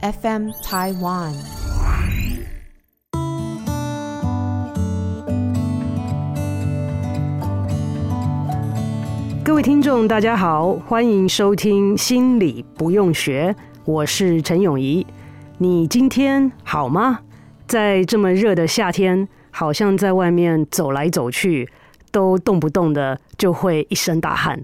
FM Taiwan，各位聽眾，大家好，歡迎收聽《心理不用學》，我是陳永儀。你今天好嗎？在這麼熱的夏天，好像在外面走來走去，都動不動的就會一身大汗。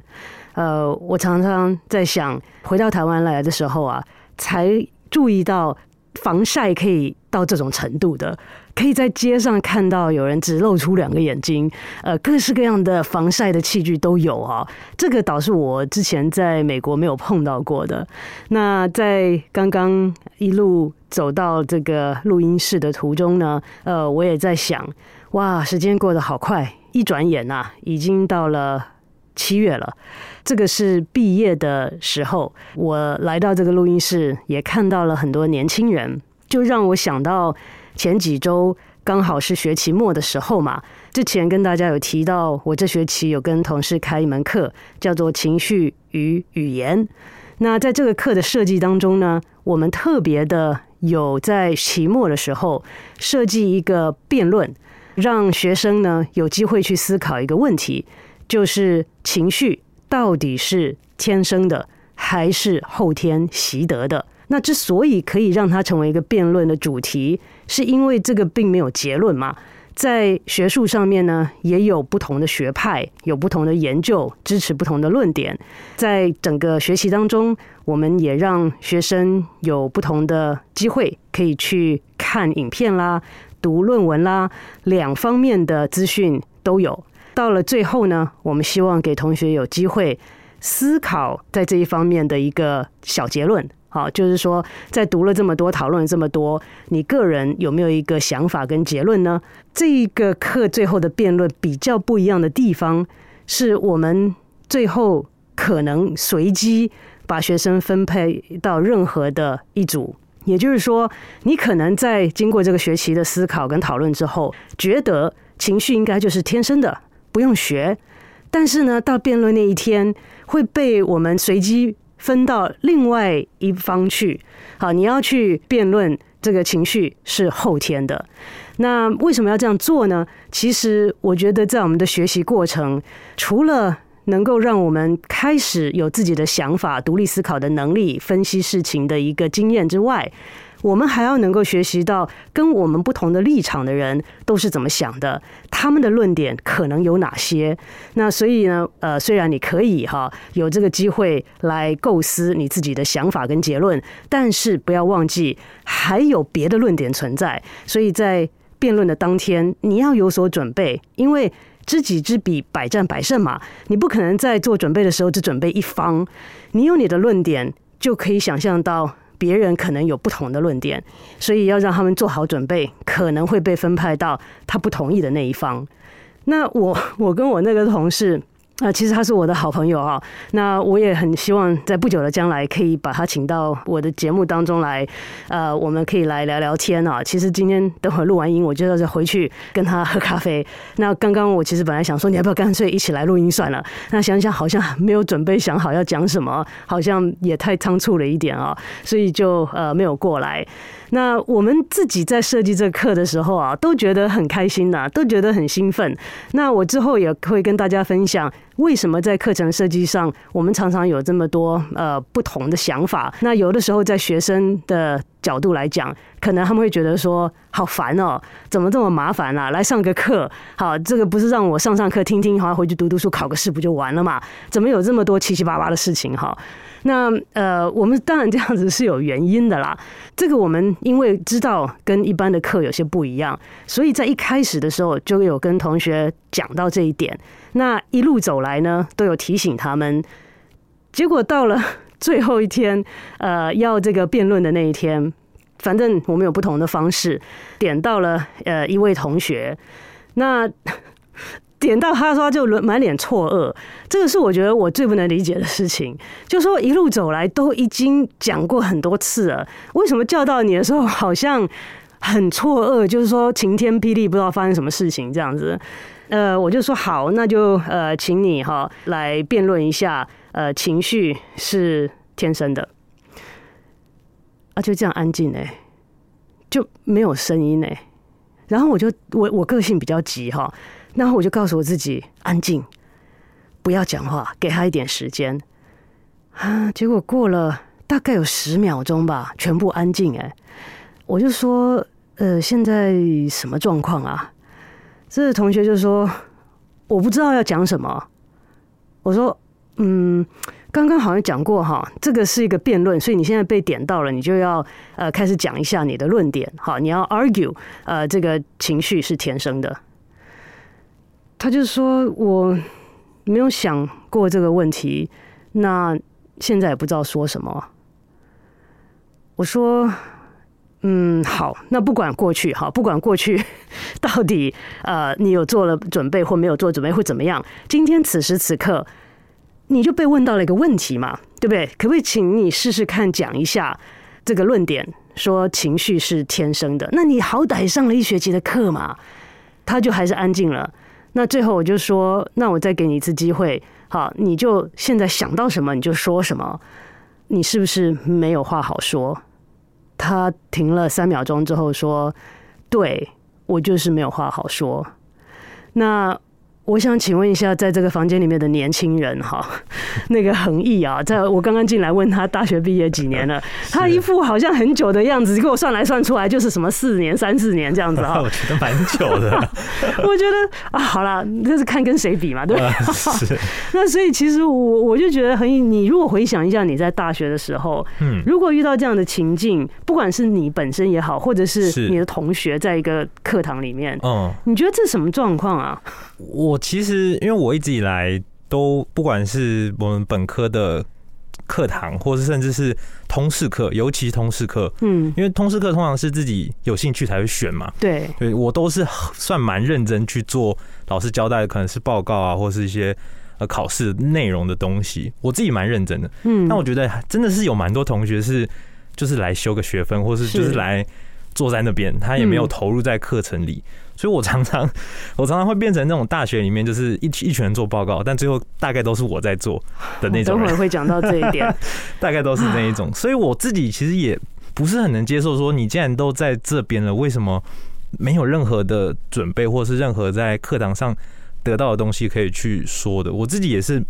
呃，我常常在想，回到台灣來的時候啊，才注意到防曬可以到這種程度的。可以在街上看到有人只露出兩個眼睛，呃，各式各樣的防曬的器具都有啊。這個倒是我之前在美國沒有碰到過的。那在剛剛一路走到這個錄音室的途中呢，呃，我也在想，哇，時間過得好快，一轉眼啊，已經到了。七月了，這個是畢業的時候，我來到這個錄音室，也看到了很多年輕人，就讓我想到前幾周剛好是學期末的時候嘛。之前跟大家有提到，我這學期有跟同事開一門課，叫做《情緒與語言》。那在這個課的設計當中呢，我們特別的有在期末的時候設計一個辯論，讓學生呢有機會去思考一個問題。就是情緒到底是天生的還是後天習得的？那之所以可以讓它成為一個辯論的主題，是因為這個並沒有結論嘛。在學術上面呢，也有不同的學派，有不同的研究支持不同的論點。在整個學習當中，我們也讓學生有不同的機會可以去看影片啦、讀論文啦，兩方面的資訊都有。到了最後呢，我們希望給同學有機會思考在這一方面的一個小結論。好，就是說，在讀了這麼多，討論這麼多，你個人有沒有一個想法跟結論呢？這一個課最後的辯論比較不一樣的地方，是我們最後可能隨機把學生分配到任何的一組。也就是說，你可能在經過這個學期的思考跟討論之後，覺得情緒應該就是天生的。不用學，但是呢，到辯論那一天會被我們隨機分到另外一方去。好，你要去辯論，這個情緒是後天的。那為什麼要這樣做呢？其實我覺得，在我們的學習過程，除了能夠讓我們開始有自己的想法、獨立思考的能力、分析事情的一個經驗之外，我們還要能夠學習到跟我們不同的立場的人都是怎麼想的，他們的論點可能有哪些？那所以呢，呃，雖然你可以哈有這個機會來構思你自己的想法跟結論，但是不要忘記還有別的論點存在。所以在辯論的當天，你要有所準備，因為知己知彼，百戰百勝嘛。你不可能在做準備的時候只準備一方，你有你的論點，就可以想象到。別人可能有不同的論點，所以要讓他們做好準備，可能會被分派到他不同意的那一方。那我，我跟我那個同事。啊、呃，其實他是我的好朋友哈、哦。那我也很希望在不久的將來可以把他請到我的節目當中來，呃，我們可以來聊聊天啊、哦。其實今天等會錄完音，我就要回去跟他喝咖啡。那剛剛我其實本來想說，你要不要乾脆一起來錄音算了？那想想好像沒有準備，想好要講什麼，好像也太倉促了一點啊、哦，所以就呃沒有過來。那我們自己在設計這課的時候啊，都覺得很開心吶，都覺得很興奮。那我之後也會跟大家分享。為什麼在課程設計上，我們常常有這麼多呃不同的想法？那有的時候在學生的角度來講，可能他們會覺得說好煩哦，怎麼這麼麻煩啊？來上個課，好，這個不是讓我上上課聽聽，好像回去讀讀書，考個試不就完了嘛？怎麼有這麼多七七八八的事情？哈，那呃，我們當然這樣子是有原因的啦。這個我們因為知道跟一般的課有些不一樣，所以在一開始的時候就有跟同學講到這一點。那一路走來呢，都有提醒他們。結果到了最後一天，呃，要這個辯論的那一天，反正我們有不同的方式點到了呃一位同學，那點到他說他就滿臉錯愕，這個是我覺得我最不能理解的事情。就說一路走來都已經講過很多次了，為什麼叫到你的時候好像很錯愕？就是說晴天霹靂，不知道發生什麼事情這樣子。呃，我就說好，那就呃，請你哈、哦、來辯論一下。呃，情緒是天生的。啊，就這樣安靜呢，就沒有聲音呢。然後我就我我個性比較急哈、哦，然後我就告訴我自己安靜，不要講話，給他一點時間。啊，結果過了大概有十秒鐘吧，全部安靜哎。我就說，呃，現在什麼狀況啊？這個同學就說：“我不知道要講什麼。”我說：“嗯，剛剛好像講過哈，這個是一個辯論，所以你現在被點到了，你就要呃開始講一下你的論點。好，你要 argue，呃，這個情緒是天生的。”他就說：“我沒有想過這個問題，那現在也不知道說什麼。”我說。嗯，好，那不管過去哈，不管過去到底呃，你有做了準備或沒有做準備會怎麼樣？今天此時此刻，你就被問到了一個問題嘛，對不對？可不可以請你試試看講一下這個論點，說情緒是天生的。那你好歹上了一學期的課嘛，他就還是安靜了。那最後我就說，那我再給你一次機會，好，你就現在想到什麼你就說什麼，你是不是沒有話好說？他停了三秒鐘之後說：“對，我就是沒有話好說。”那。我想請問一下，在這個房間裡面的年輕人哈，那個恆毅啊，在我剛剛進來問他大學畢業幾年了，他一副好像很久的樣子，給我算來算出來就是什麼四年、三四年這樣子啊。 我覺得蠻久的 。我覺得啊，好啦，這是看跟誰比嘛，對吧、啊、是。那所以其實我我就覺得恆毅，你如果回想一下你在大學的時候，嗯，如果遇到這樣的情境，不管是你本身也好，或者是你的同學，在一個課堂裡面，哦、嗯，你覺得這是什麼狀況啊？我。我其實，因為我一直以來都不管是我們本科的課堂，或是甚至是通識課，尤其通識課，嗯，因為通識課通常是自己有興趣才會選嘛，對，所以我都是算蠻認真去做老師交代的，可能是報告啊，或是一些呃考試內容的東西，我自己蠻認真的，嗯，但我覺得真的是有蠻多同學是就是來修個學分，或是就是來。坐在那邊，他也沒有投入在課程裡，嗯，所以我常常，我常常會變成那種大學裡面就是一一群人做報告，但最後大概都是我在做的那種。等會會講到這一點， 大概都是那一種。所以我自己其實也不是很能接受，說你既然都在這邊了，為什麼沒有任何的準備，或是任何在課堂上得到的東西可以去說的？我自己也是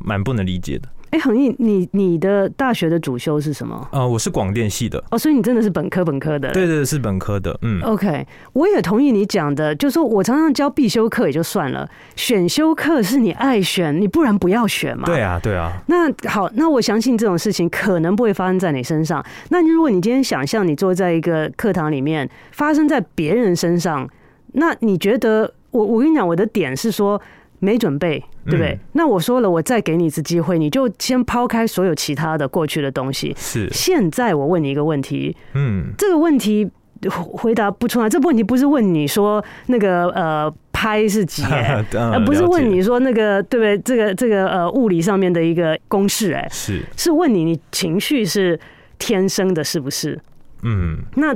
蠻不能理解的。哎，恆毅，你你的大學的主修是什麼？啊、呃，我是廣電系的。哦，所以你真的是本科本科的。對對，對，是本科的。嗯。OK，我也同意你講的，就是說我常常教必修課也就算了，選修課是你愛選，你不然不要選嘛。對啊，對啊。那好，那我相信這種事情可能不會發生在你身上。那如果你今天想象你坐在一個課堂裡面，發生在別人身上，那你覺得我我跟你講，我的點是說。沒準備，對不對、嗯？那我說了，我再給你一次機會，你就先拋開所有其他的過去的東西。是，現在我問你一個問題。嗯，這個問題回答不出來。這個、問題不是問你說那個呃拍是幾，呃、啊啊、不是問你說那個對不對？這個這個呃物理上面的一個公式、欸，哎，是是問你你情緒是天生的，是不是？嗯，那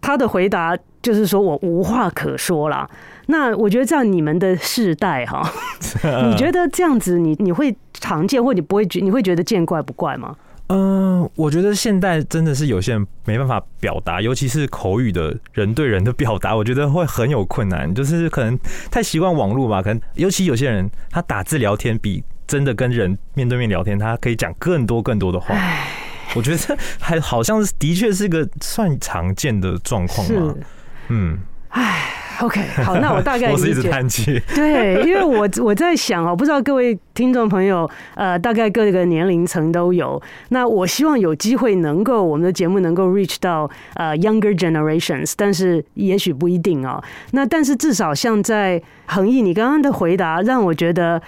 他的回答就是說我無話可說了。那我覺得這樣你們的世代哈， 你覺得這樣子你你會常見，或你不會覺你會覺得見怪不怪嗎？嗯，我覺得現在真的是有些人沒辦法表達，尤其是口語的人對人的表達，我覺得會很有困難。就是可能太習慣網絡吧，可能尤其有些人他打字聊天比真的跟人面對面聊天，他可以講更多更多的話。我覺得還好像是的確是一個算常見的狀況嘛，是，嗯。哎 OK 好，那我大概理解 我是一直嘆氣，對，因為我我在想啊，不知道各位聽眾朋友，呃，大概各個年齡層都有。那我希望有機會能夠我們的節目能夠 reach 到呃 younger generations，但是也許不一定哦。那但是至少像在恆毅，你剛剛的回答讓我覺得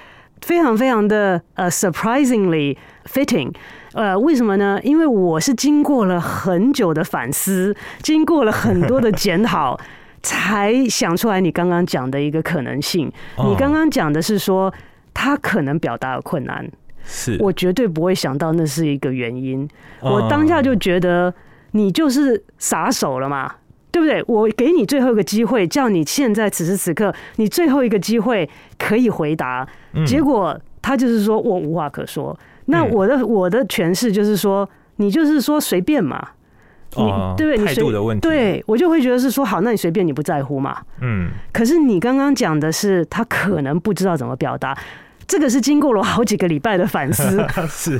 非常非常的呃 surprisingly fitting。呃，為什麼呢？因為我是經過了很久的反思，經過了很多的檢討。 才想出來，你剛剛講的一個可能性。你剛剛講的是說他可能表達的困難，是我絕對不會想到那是一個原因。我當下就覺得你就是撒手了嘛，對不對？我給你最後一個機會，叫你現在此時此刻你最後一個機會可以回答。結果他就是說我無話可說。那我的我的詮釋就是說，你就是說隨便嘛。哦、你對不對，態度的問題，對我就會覺得是說好，那你隨便，你不在乎嘛。嗯。可是你剛剛講的是他可能不知道怎麼表達，這個是經過了好幾個禮拜的反思， 是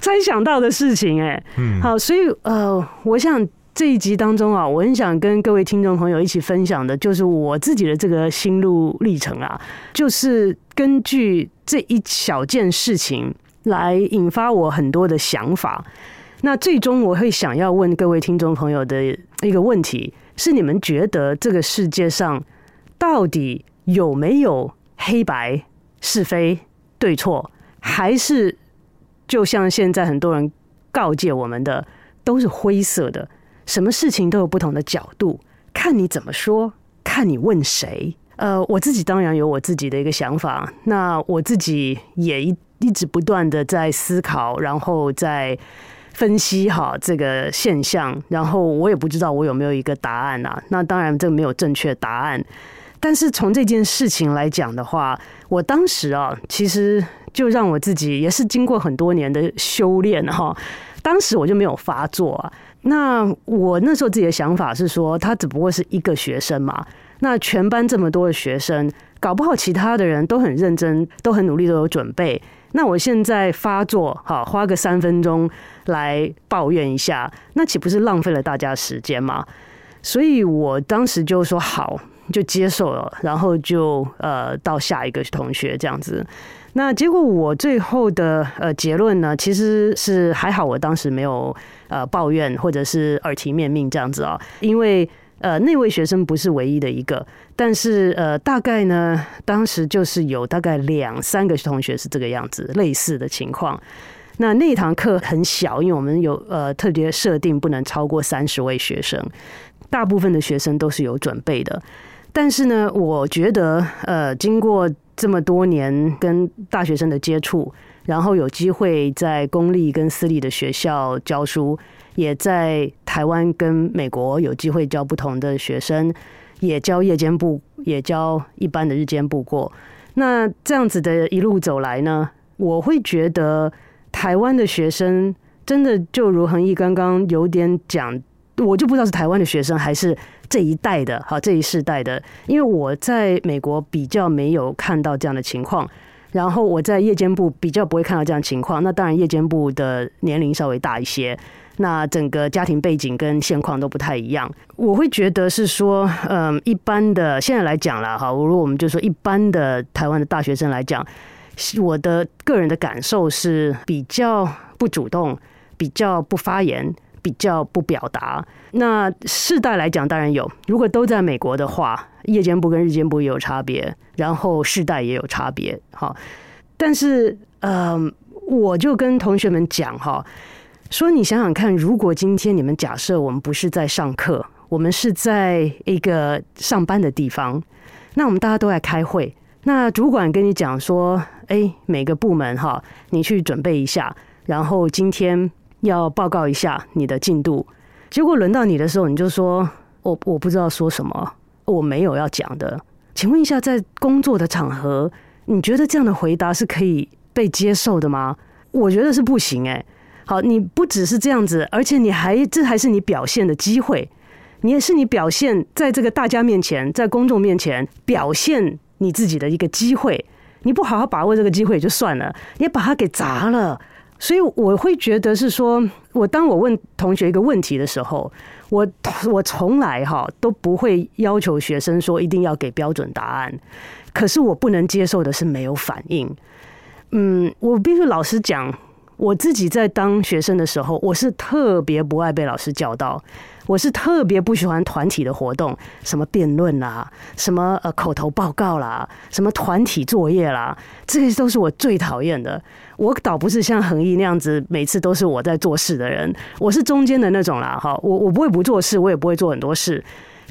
才 想到的事情。哎，嗯。好，所以呃，我想這一集當中啊，我很想跟各位聽眾朋友一起分享的，就是我自己的這個心路歷程啊，就是根據這一小件事情來引發我很多的想法。那最終我會想要問各位聽眾朋友的一個問題是：你們覺得這個世界上到底有沒有黑白、是非、對錯，還是就像現在很多人告誡我們的，都是灰色的？什麼事情都有不同的角度，看你怎麼說，看你問誰？呃，我自己當然有我自己的一個想法。那我自己也一一直不斷地在思考，然後在，分析好這個現象，然後我也不知道我有沒有一個答案啊。那當然，這個沒有正確答案。但是從這件事情來講的話，我當時啊，其實就讓我自己也是經過很多年的修煉哈。當時我就沒有發作啊。那我那時候自己的想法是說，他只不過是一個學生嘛。那全班這麼多的學生，搞不好其他的人都很認真，都很努力，都有準備。那我現在發作，哈，花個三分鐘。來抱怨一下，那豈不是浪費了大家時間嗎？所以我當時就說好，就接受了，然後就呃到下一個同學這樣子。那結果我最後的呃結論呢，其實是還好，我當時沒有呃抱怨或者是耳提面命這樣子啊，因為呃那位學生不是唯一的一個，但是呃大概呢，當時就是有大概兩三個同學是這個樣子類似的情況。那那堂課很小，因為我們有呃特別設定不能超過三十位學生，大部分的學生都是有準備的。但是呢，我覺得呃，經過這麼多年跟大學生的接觸，然後有機會在公立跟私立的學校教書，也在台灣跟美國有機會教不同的學生，也教夜間部，也教一般的日間部過。那這樣子的一路走來呢，我會覺得。台灣的學生真的就如恆毅剛剛有點講，我就不知道是台灣的學生還是這一代的哈，這一世代的。因為我在美國比較沒有看到這樣的情況，然後我在夜間部比較不會看到這樣的情況。那當然夜間部的年齡稍微大一些，那整個家庭背景跟現況都不太一樣。我會覺得是說，嗯，一般的現在來講啦哈，如果我們就是說一般的台灣的大學生來講，我的個人的感受是比較不主動、比較不發言、比較不表達。那世代來講，當然有。如果都在美國的話，夜間部跟日間部也有差別，然後世代也有差別。哈，但是嗯、呃，我就跟同學們講哈，說你想想看，如果今天你們假設我們不是在上課，我們是在一個上班的地方，那我們大家都在開會，那主管跟你講說。哎，每個部門哈，你去準備一下，然後今天要報告一下你的進度。結果輪到你的時候，你就說：“我我不知道說什麼，我沒有要講的。”請問一下，在工作的場合，你覺得這樣的回答是可以被接受的嗎？我覺得是不行欸。哎，好，你不只是這樣子，而且你還，這還是你表現的機會，你也是你表現在這個大家面前，在公眾面前表現你自己的一個機會。你不好好把握這個機會也就算了，你把它給砸了。所以我會覺得是說，我當我問同學一個問題的時候，我我從來哈都不會要求學生說一定要給標準答案。可是我不能接受的是沒有反應。嗯，我必須老實講，我自己在當學生的時候，我是特別不愛被老師叫到。我是特別不喜歡團體的活動，什麼辯論啦，什麼呃口頭報告啦，什麼團體作業啦，這些都是我最討厭的。我倒不是像恆毅那樣子，每次都是我在做事的人，我是中間的那種啦，哈，我我不會不做事，我也不會做很多事，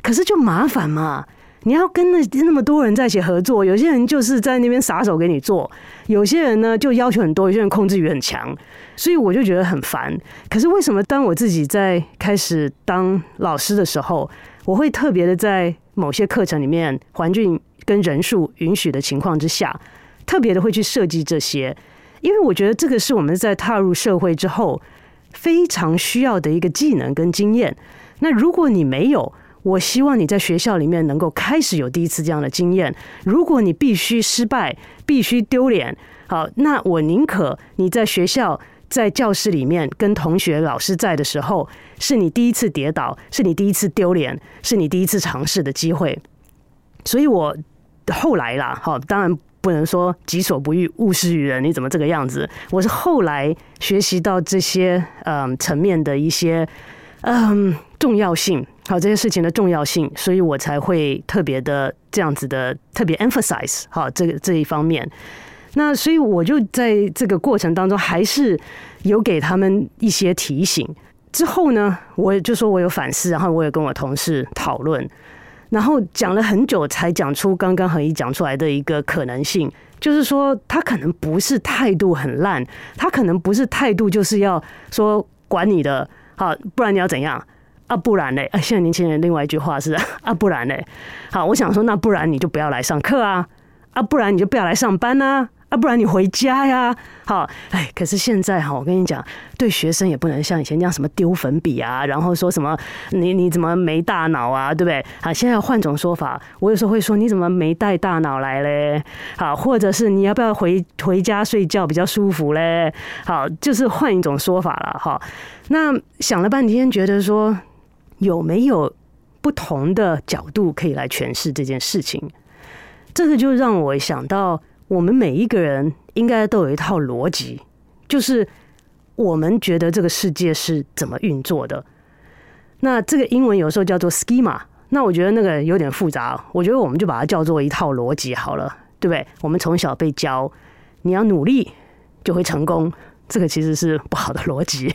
可是就麻煩嘛，你要跟那那麼多人在一起合作，有些人就是在那邊撒手給你做，有些人呢就要求很多，有些人控制欲很強。所以我就覺得很煩。可是為什麼當我自己在開始當老師的時候，我會特別的在某些課程裡面，環境跟人數允許的情況之下，特別的會去設計這些？因為我覺得這個是我們在踏入社會之後非常需要的一個技能跟經驗。那如果你沒有，我希望你在學校裡面能夠開始有第一次這樣的經驗。如果你必須失敗，必須丟臉，好，那我寧可你在學校。在教室裡面跟同學、老師在的時候，是你第一次跌倒，是你第一次丟臉，是你第一次嘗試的機會。所以我後來啦，好，當然不能說己所不欲，勿施於人。你怎麼這個樣子？我是後來學習到這些嗯呃、層面的一些嗯、呃、重要性，好，這些事情的重要性，所以我才會特別的這樣子的特別 emphasize 好這個這一方面。那所以我就在這個過程當中還是有給他們一些提醒。之後呢，我就說我有反思，然後我也跟我同事討論，然後講了很久才講出剛剛和你講出來的一個可能性，就是說他可能不是態度很爛，他可能不是態度就是要說管你的，好，不然你要怎樣？啊，不然嘞？啊，現在年輕人另外一句話是啊，不然嘞？好，我想說那不然你就不要來上課啊，啊，不然你就不要來上班呢、啊。啊，不然你回家呀？好，哎，可是現在哈，我跟你講，對學生也不能像以前那樣什麼丟粉筆啊，然後說什麼你你怎麼沒大腦啊，對不對？好，現在要換種說法，我有時候會說你怎麼沒帶大腦來嘞？好，或者是你要不要回回家睡覺比較舒服嘞？好，就是換一種說法了哈。那想了半天，覺得說有沒有不同的角度可以來詮釋這件事情？這個就讓我想到。我們每一個人應該都有一套邏輯，就是我們覺得這個世界是怎麼運作的。那這個英文有時候叫做 schema，那我覺得那個有點複雜，我覺得我們就把它叫做一套邏輯好了，對不對？我們從小被教，你要努力就會成功，這個其實是不好的邏輯。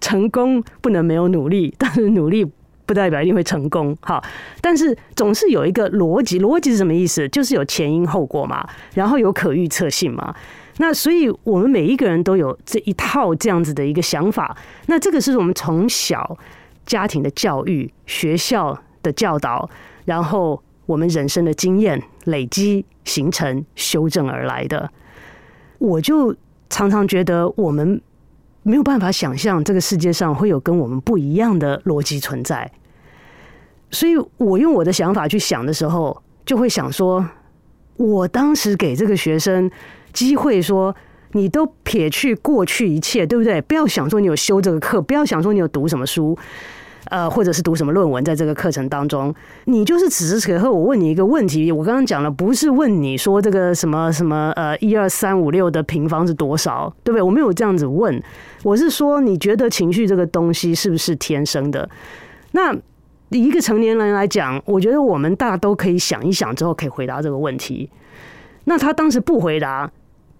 成功不能沒有努力，但是努力。不代表一定會成功，哈，但是總是有一個邏輯。邏輯是什麼意思？就是有前因後果嘛，然後有可預測性嘛。那所以我們每一個人都有這一套這樣子的一個想法，那這個是我們從小家庭的教育、學校的教導，然後我們人生的經驗累積形成、修正而來的。我就常常覺得我們。沒有辦法想象這個世界上會有跟我們不一樣的邏輯存在，所以我用我的想法去想的時候，就會想說：我當時給這個學生機會說，你都撇去過去一切，對不對？不要想說你有修這個課，不要想說你有讀什麼書。呃，或者是讀什麼論文，在這個課程當中，你就是此時此刻，我問你一個問題，我剛剛講了，不是問你說這個什麼什麼呃一二三五六的平方是多少，對不對？我沒有這樣子問，我是說，你覺得情緒這個東西是不是天生的？那以一個成年人來講，我覺得我們大都可以想一想之後，可以回答這個問題。那他當時不回答，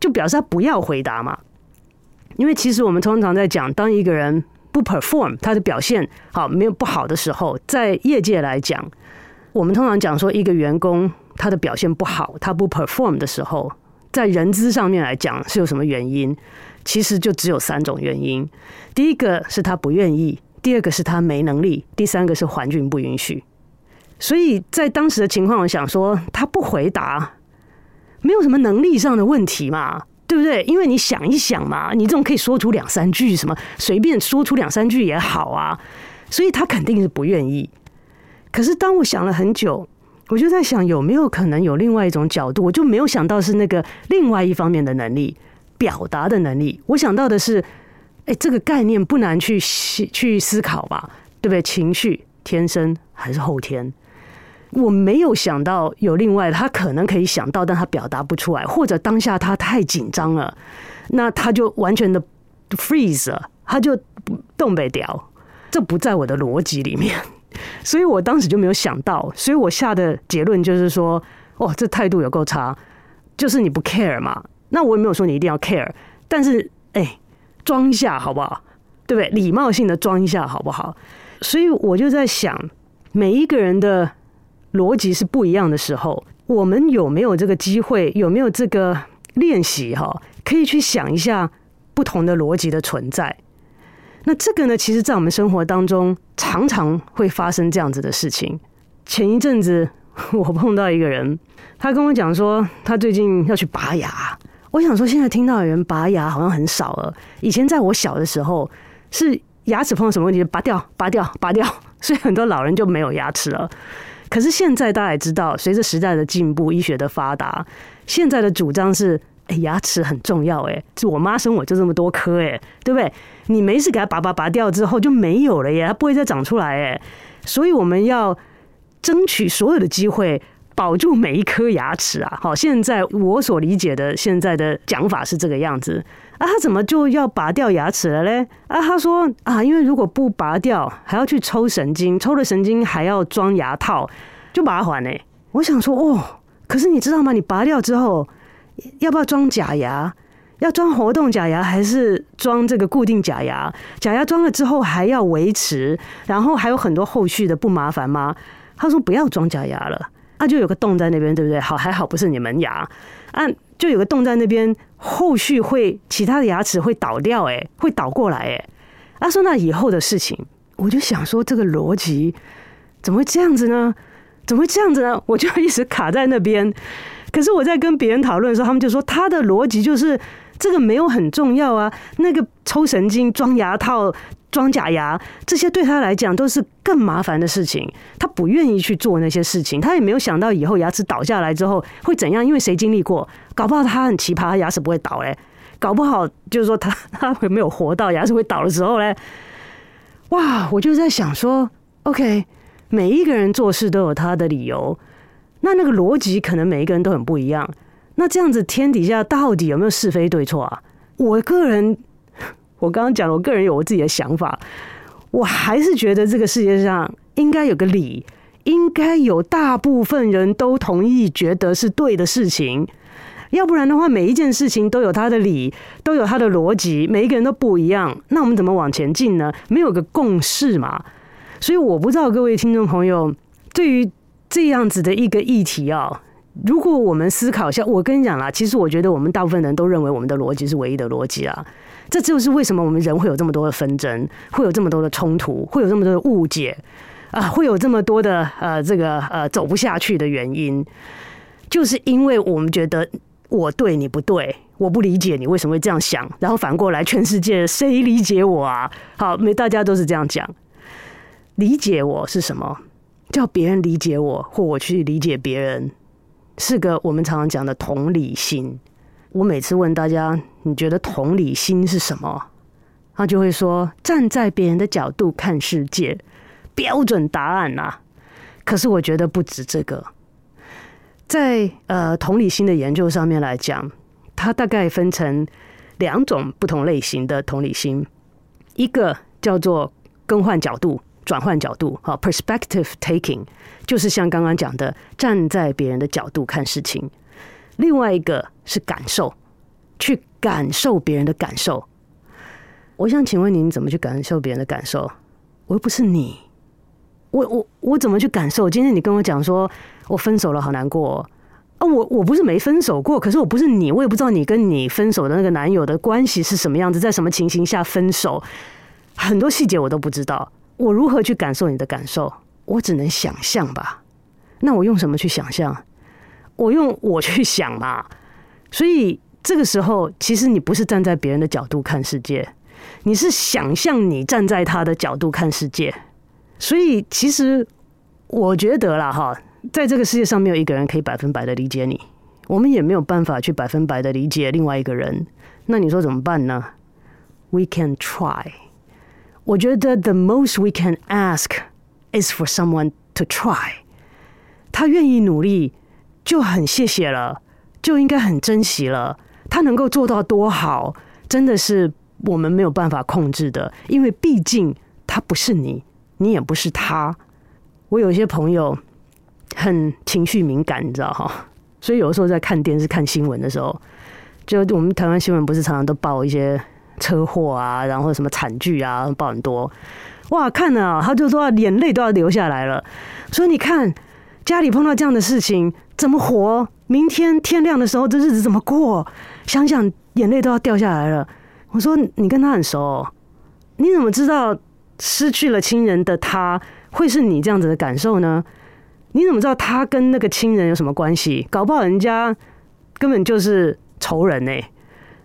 就表示他不要回答嘛？因為其實我們通常在講，當一個人，不 perform，他的表現好沒有不好的時候，在業界來講，我們通常講說一個員工他的表現不好，他不 perform 的時候，在人資上面來講是有什麼原因？其實就只有三種原因：第一個是他不願意，第二個是他沒能力，第三個是環境不允許。所以在當時的情況，我想說他不回答，沒有什麼能力上的問題嘛。對不對？因為你想一想嘛，你這種可以說出兩三句什麼，隨便說出兩三句也好啊，所以他肯定是不願意。可是當我想了很久，我就在想有沒有可能有另外一種角度，我就沒有想到是那個另外一方面的能力，表達的能力。我想到的是，哎，這個概念不難去去思考吧，對不對？情緒天生還是後天？我沒有想到有另外，他可能可以想到，但他表達不出來，或者當下他太緊張了，那他就完全的 freeze 了，他就動不掉，這不在我的邏輯裡面，所以我當時就沒有想到，所以我下的結論就是說，哦，這態度有夠差，就是你不 care 嘛？那我也沒有說你一定要 care，但是，欸，裝一下好不好？對不對？禮貌性的裝一下好不好？所以我就在想每一個人的。邏輯是不一樣的時候，我們有沒有這個機會，有沒有這個練習哈？可以去想一下不同的邏輯的存在。那這個呢，其實，在我們生活當中，常常會發生這樣子的事情。前一陣子，我碰到一個人，他跟我講說，他最近要去拔牙。我想說，現在聽到的人拔牙，好像很少了。以前在我小的時候，是牙齒碰到什麼問題，拔掉，拔掉，拔掉，所以很多老人就沒有牙齒了。可是現在大家也知道，隨着時代的進步，醫學的發達，現在的主張是：哎，牙齒很重要，哎，就我媽生我就這麼多顆，哎，對不對？你沒事給它拔拔拔掉之後就沒有了耶，它不會再長出來，哎，所以我們要爭取所有的機會保住每一顆牙齒啊！好，現在我所理解的現在的講法是這個樣子。啊，他怎麼就要拔掉牙齒了嘞？啊，他說啊，因為如果不拔掉，還要去抽神經，抽了神經還要裝牙套，就麻煩呢。我想說哦，可是你知道嗎？你拔掉之後，要不要裝假牙？要裝活動假牙還是裝這個固定假牙？假牙裝了之後還要維持，然後還有很多後續的，不麻煩嗎？他說不要裝假牙了。那、啊、就有個洞在那邊，對不對？好，還好不是你們牙，啊、就有個洞在那邊，後續會其他的牙齒會倒掉、欸，會倒過來、欸，他、啊、說那以後的事情，我就想說這個邏輯怎麼會這樣子呢？怎麼會這樣子呢？我就一直卡在那邊。可是我在跟別人討論的時候，他們就說他的邏輯就是這個沒有很重要啊，那個抽神經裝牙套。裝假牙，這些對他來講都是更麻煩的事情，他不願意去做那些事情。他也沒有想到以後牙齒倒下來之後會怎樣，因為誰經歷過？搞不好他很奇葩，他牙齒不會倒嘞。搞不好就是說他他會沒有活到牙齒會倒的時候呢？哇，我就在想說，OK，每一個人做事都有他的理由，那那個邏輯可能每一個人都很不一樣。那這樣子天底下到底有沒有是非對錯啊？我個人。我剛剛講了，我個人有我自己的想法，我還是覺得這個世界上應該有個理，應該有大部分人都同意覺得是對的事情，要不然的話，每一件事情都有它的理，都有它的邏輯，每一個人都不一樣，那我們怎麼往前進呢？沒有個共識嘛。所以我不知道各位聽眾朋友對於這樣子的一個議題啊，如果我們思考一下，我跟你講啦，其實我覺得我們大部分人都認為我們的邏輯是唯一的邏輯啊。這就是為什麼我們人會有這麼多的紛爭，會有這麼多的衝突，會有這麼多的誤解，啊，會有這麼多的呃，這個呃，走不下去的原因，就是因為我們覺得我對你不對，我不理解你為什麼會這樣想，然後反過來，全世界誰理解我啊？好，沒，大家都是這樣講，理解我是什麼？叫別人理解我，或我去理解別人，是個我們常常講的同理心。我每次問大家。你覺得同理心是什麼？他就會說站在別人的角度看世界，標準答案吶、啊。可是我覺得不止這個，在呃同理心的研究上面來講，它大概分成兩種不同類型的同理心，一個叫做更換角度、轉換角度，好，perspective taking，就是像剛剛講的站在別人的角度看事情。另外一個是感受。去感受別人的感受，我想請問你，你怎麼去感受別人的感受？我又不是你，我我我怎麼去感受？今天你跟我講說我分手了，好難過哦。啊！我我不是沒分手過，可是我不是你，我也不知道你跟你分手的那個男友的關係是什麼樣子，在什麼情形下分手，很多細節我都不知道。我如何去感受你的感受？我只能想象吧。那我用什麼去想象？我用我去想吧。所以。這個時候，其實你不是站在別人的角度看世界，你是想象你站在他的角度看世界。所以，其實我覺得啦，哈，在這個世界上沒有一個人可以百分百的理解你，我們也沒有辦法去百分百的理解另外一個人。那你說怎麼辦呢？We can try。我覺得 the most we can ask is for someone to try。他願意努力，就很謝謝了，就應該很珍惜了。他能夠做到多好，真的是我們沒有辦法控制的，因為畢竟他不是你，你也不是他。我有一些朋友很情緒敏感，你知道哈？所以有時候在看電視、看新聞的時候，就我們台灣新聞不是常常都報一些車禍啊，然後什麼慘劇啊，報很多。哇，看了，他就說眼淚都要流下來了。說你看家裡碰到這樣的事情，怎麼活？明天天亮的時候，這日子怎麼過？想想眼淚都要掉下來了。我說你跟他很熟哦，你怎麼知道失去了親人的他會是你這樣子的感受呢？你怎麼知道他跟那個親人有什麼關係？搞不好人家根本就是仇人呢欸。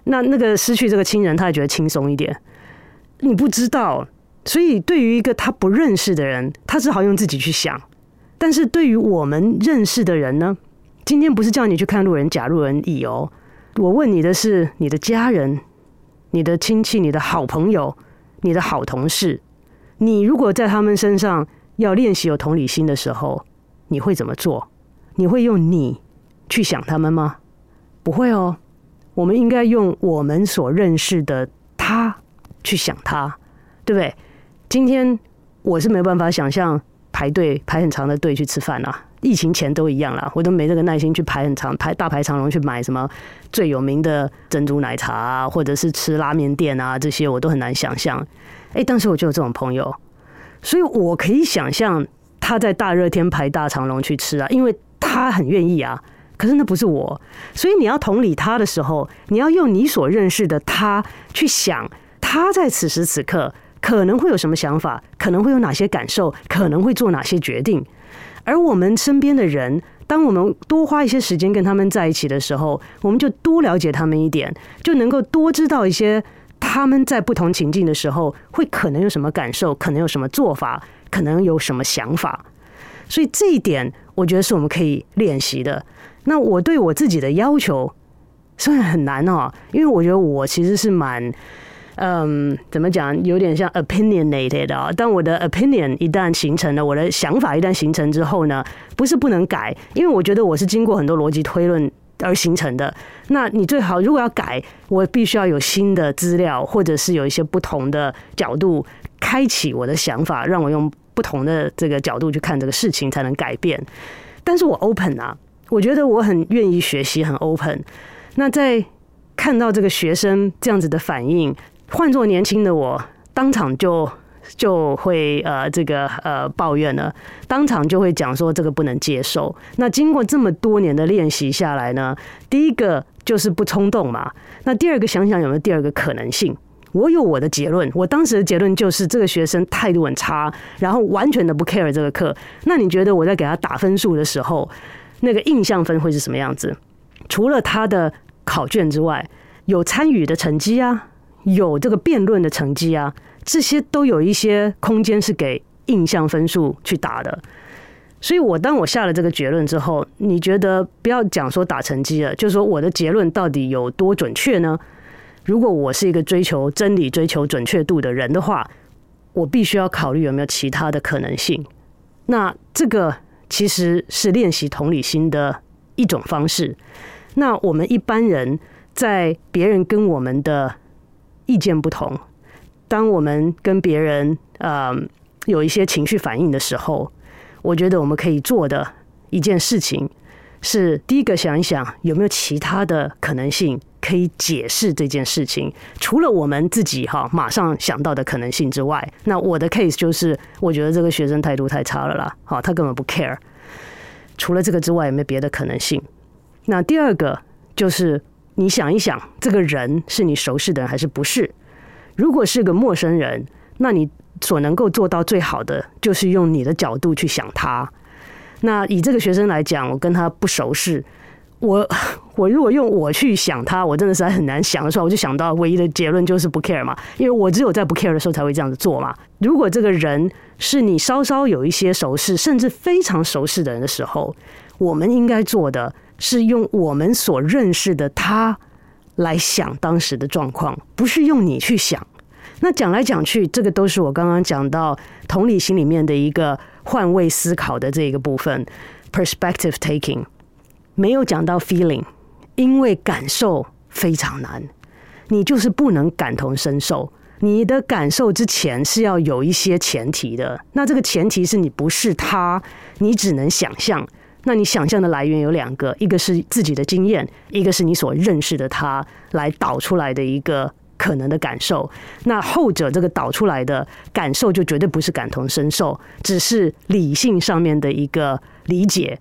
那那個失去這個親人，他也覺得輕鬆一點。你不知道，所以對於一個他不認識的人，他只好用自己去想。但是對於我們認識的人呢？今天不是叫你去看路人甲、路人乙哦。我問你的是你的家人、你的親戚、你的好朋友、你的好同事。你如果在他們身上要練習有同理心的時候，你會怎麼做？你會用你去想他們嗎？不會哦。我們應該用我們所認識的他去想他，對不對？今天我是沒辦法想象排隊排很長的隊去吃飯啊。疫情前都一樣啦，我都沒這個耐心去排很長排大排長龍去買什麼最有名的珍珠奶茶啊，或者是吃拉面店啊這些，我都很難想象。哎、欸，當時我就有這種朋友，所以我可以想象他在大熱天排大長龍去吃啊，因為他很願意啊。可是那不是我，所以你要同理他的時候，你要用你所認識的他去想，他在此時此刻可能會有什麼想法，可能會有哪些感受，可能會做哪些決定。而我們身邊的人，當我們多花一些時間跟他們在一起的時候，我們就多了解他們一點，就能夠多知道一些他們在不同情境的時候會可能有什麼感受，可能有什麼做法，可能有什麼想法。所以這一點，我覺得是我們可以練習的。那我對我自己的要求雖然很難哦，因為我覺得我其實是蠻。嗯，怎麼講？有點像 opinionated 啊。但我的 opinion 一旦形成了，我的想法一旦形成之後呢，不是不能改，因為我覺得我是經過很多邏輯推論而形成的。那你最好如果要改，我必須要有新的資料，或者是有一些不同的角度開啟我的想法，讓我用不同的這個角度去看這個事情，才能改變。但是我 open 啊，我覺得我很願意學習，很 open。那在看到這個學生這樣子的反應。換做年輕的我，當場就就會呃這個呃抱怨了，當場就會講說這個不能接受。那經過這麼多年的練習下來呢，第一個就是不衝動嘛。那第二個想想有沒有第二個可能性？我有我的結論，我當時的結論就是這個學生態度很差，然後完全的不 care 這個課。那你覺得我在給他打分數的時候，那個印象分會是什麼樣子？除了他的考卷之外，有參與的成績啊，有這個辯論的成績啊，這些都有一些空間是給印象分數去打的。所以，我當我下了這個結論之後，你覺得不要講說打成績了，就說我的結論到底有多準確呢？如果我是一個追求真理、追求準確度的人的話，我必須要考慮有沒有其他的可能性。那這個其實是練習同理心的一種方式。那我們一般人在別人跟我們的意見不同，當我們跟別人嗯、呃、有一些情緒反應的時候，我覺得我們可以做的一件事情是：第一個，想一想有沒有其他的可能性可以解釋這件事情，除了我們自己哈、哦、馬上想到的可能性之外。那我的 case 就是，我覺得這個學生態度太差了啦，好、哦，他根本不 care。除了這個之外，有沒有別的可能性？那第二個就是。你想一想，這個人是你熟悉的人還是不是？如果是個陌生人，那你所能夠做到最好的就是用你的角度去想他。那以這個學生來講，我跟他不熟悉，我我如果用我去想他，我真的是很難想得出來，我就想到唯一的結論就是不 care 嘛，因為我只有在不 care 的時候才會這樣子做嘛。如果這個人是你稍稍有一些熟悉，甚至非常熟悉的人的時候，我們應該做的。是用我們所認識的他來想當時的狀況，不是用你去想。那講來講去，這個都是我剛剛講到同理心裡面的一個換位思考的這個部分 （perspective taking）。沒有講到 feeling，因為感受非常難，你就是不能感同身受。你的感受之前是要有一些前提的，那這個前提是你不是他，你只能想象。那你想象的來源有兩個，一個是自己的經驗，一個是你所認識的他來導出來的一個可能的感受。那後者這個導出來的感受就絕對不是感同身受，只是理性上面的一個理解。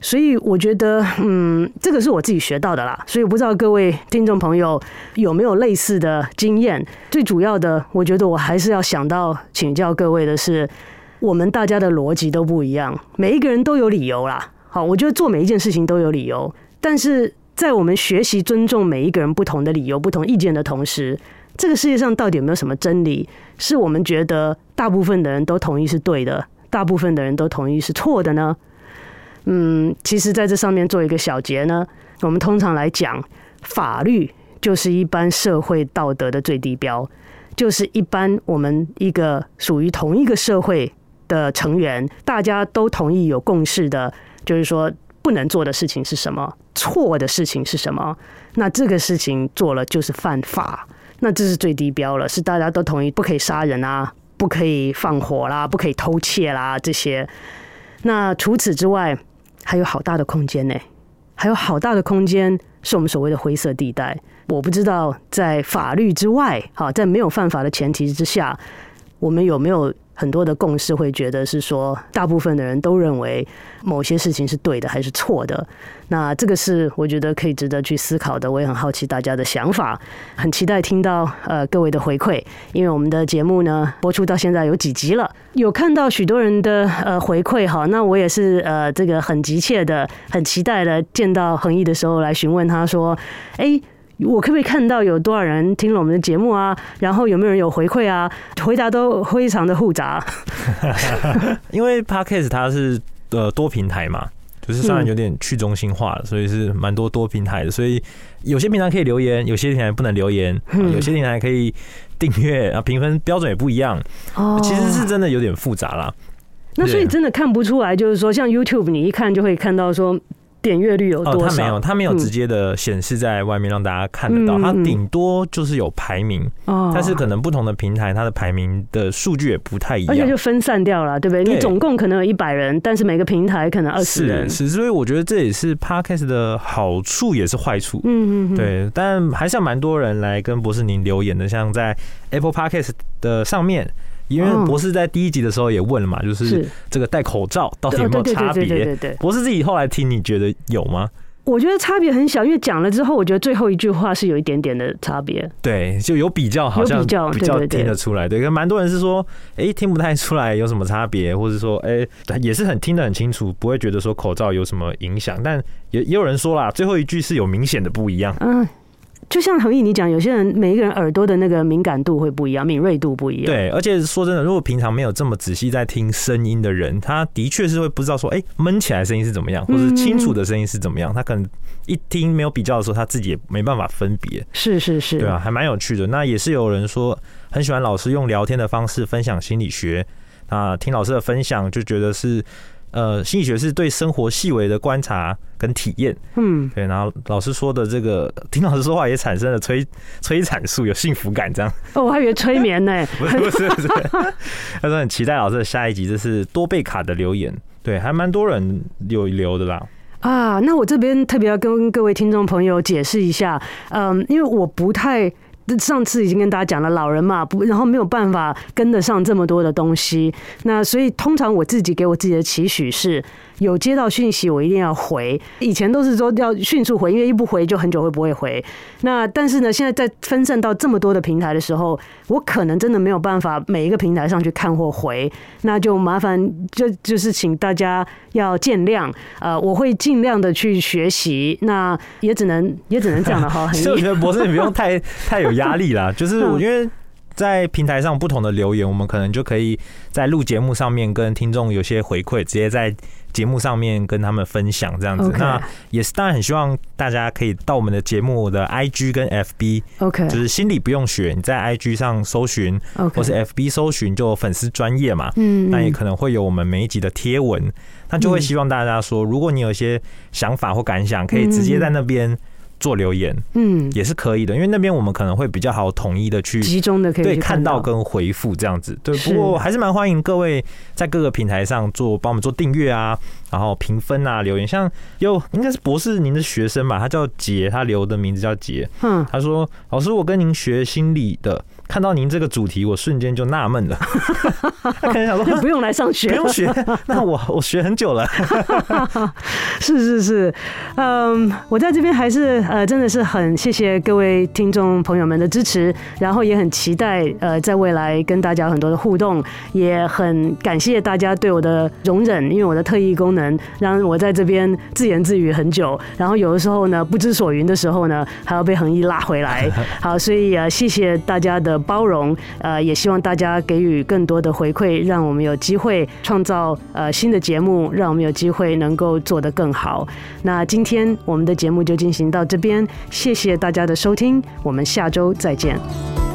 所以我覺得，嗯，這個是我自己學到的啦。所以不知道各位聽眾朋友有沒有類似的經驗？最主要的，我覺得我還是要想到請教各位的是。我們大家的邏輯都不一樣，每一個人都有理由啦。好，我覺得做每一件事情都有理由，但是在我們學習尊重每一個人不同的理由、不同意見的同時，這個世界上到底有沒有什麼真理，是我們覺得大部分的人都同意是對的，大部分的人都同意是錯的呢？嗯，其實，在這上面做一個小結呢，我們通常來講，法律就是一般社會道德的最低標，就是一般我們一個屬於同一個社會。的成員，大家都同意有共識的，就是說不能做的事情是什麼，錯的事情是什麼。那這個事情做了就是犯法，那這是最低標了，是大家都同意不可以殺人啊，不可以放火啦，不可以偷竊啦這些。那除此之外，還有好大的空間呢、欸，還有好大的空間是我們所謂的灰色地帶。我不知道在法律之外，哈，在沒有犯法的前提之下，我們有沒有。很多的共識會覺得是說，大部分的人都認為某些事情是對的還是錯的。那這個是我覺得可以值得去思考的。我也很好奇大家的想法，很期待聽到呃各位的回饋。因為我們的節目呢播出到現在有幾集了，有看到許多人的呃回饋哈。那我也是呃這個很急切的、很期待的見到恆毅的時候來詢問他說：“誒。我可不可以看到有多少人聽了我們的節目啊？然後有沒有人有回饋啊？回答都非常的複雜 。因為 Podcast 它是呃多，多平台嘛，就是雖然有點去中心化，嗯、所以是蠻多多平台的。所以有些平台可以留言，有些平台不能留言，嗯嗯，有些平台可以訂閱啊，評分標準也不一樣。哦，其實是真的有點複雜啦。哦、那所以真的看不出來，就是說像 YouTube，你一看就會看到說，點閱率有多少？少、哦、他沒有，他沒有直接的顯示在外面讓大家看得到，他、嗯、頂多就是有排名嗯嗯，但是可能不同的平台它的排名的數據也不太一樣，而且就分散掉了、啊，對不對？你總共可能有一百人，但是每個平台可能二十人，是，是，所以我覺得這也是 Podcast 的好處也是壞處，嗯嗯對，但還是要蠻多人來跟博士您留言的，像在 Apple Podcast 的上面。因為博士在第一集的時候也問了嘛，嗯、就是這個戴口罩到底有沒有差別？博士自己後來聽，你覺得有嗎？我覺得差別很小，因為講了之後，我覺得最後一句話是有一點點的差別。對，就有比較，好像比較聽得出來。對，跟蠻多人是說，哎，聽不太出來有什麼差別，或者說，哎，也是很聽得很清楚，不會覺得說口罩有什麼影響。但也也有人說啦，最後一句是有明顯的不一樣。嗯。就像同毅你講，有些人每一個人耳朵的那個敏感度會不一樣，敏銳度不一樣。對，而且說真的，如果平常沒有這麼仔細在聽聲音的人，他的確是會不知道說，哎、欸，悶起來聲音是怎麼樣，或是清楚的聲音是怎麼樣，嗯。他可能一聽沒有比較的時候，他自己也沒辦法分別。是是是，對啊，還蠻有趣的。那也是有人說很喜歡老師用聊天的方式分享心理學啊，聽老師的分享就覺得是。呃，心理學是對生活細微的觀察跟體驗。嗯，對，然後老師說的這個，聽老師說話也產生了催催產素，有幸福感這樣。哦，我還以為催眠呢。 不是不是不是，他 說 很期待老師的下一集，這是多貝卡的留言。對，還蠻多人有留，留的啦。啊，那我這邊特別要跟各位聽眾朋友解釋一下，嗯，因為我不太。上次已經跟大家講了，老人嘛，不，然後沒有辦法跟得上這麼多的東西，那所以通常我自己給我自己的期許是。有接到訊息，我一定要回。以前都是說要迅速回，因為一不回就很久會不會回。那但是呢，現在在分散到這麼多的平台的時候，我可能真的沒有辦法每一個平台上去看或回，那就麻煩就就是請大家要見諒。呃，我會盡量的去學習，那也只能也只能這樣了哈。所以，博士你不用太 太有壓力啦，就是我覺得在平台上不同的留言，我們可能就可以在錄節目上面跟聽眾有些回饋，直接在節目上面跟他們分享這樣子。Okay. 那也是，當然很希望大家可以到我們的節目的 IG 跟 FB，OK，、okay. 就是心理不用學，你在 IG 上搜尋、okay. 或是 FB 搜尋，就有粉絲專頁嘛，嗯、okay.，那也可能會有我們每一集的貼文嗯嗯，那就會希望大家說，如果你有一些想法或感想，可以直接在那邊。做留言，嗯，也是可以的，因為那邊我們可能會比較好統一的去集中的，可以，可以看到，對，看到跟回復這樣子。對，不過還是蠻歡迎各位在各個平台上做，幫我們做訂閱啊，然後評分啊，留言。像有，應該是博士您的學生吧，他叫杰，他留的名字叫杰。嗯，他說，老師，我跟您學心理的。看到您這個主題，我瞬間就納悶了。哈哈哈哈，不用來上學， 不用學。那我我學很久了。哈哈哈！是是是，嗯、um,，我在這邊還是呃，真的是很謝謝各位聽眾朋友們的支持，然後也很期待呃，在未來跟大家很多的互動，也很感謝大家對我的容忍，因為我的特異功能讓我在這邊自言自語很久，然後有的時候呢，不知所云的時候呢，還要被恆毅拉回來。 好，所以啊、呃，謝謝大家的包容，呃，也希望大家給予更多的回饋，讓我們有機會創造，呃，新的節目，讓我們有機會能夠做得更好。那今天我們的節目就進行到這邊，謝謝大家的收聽，我們下周再見。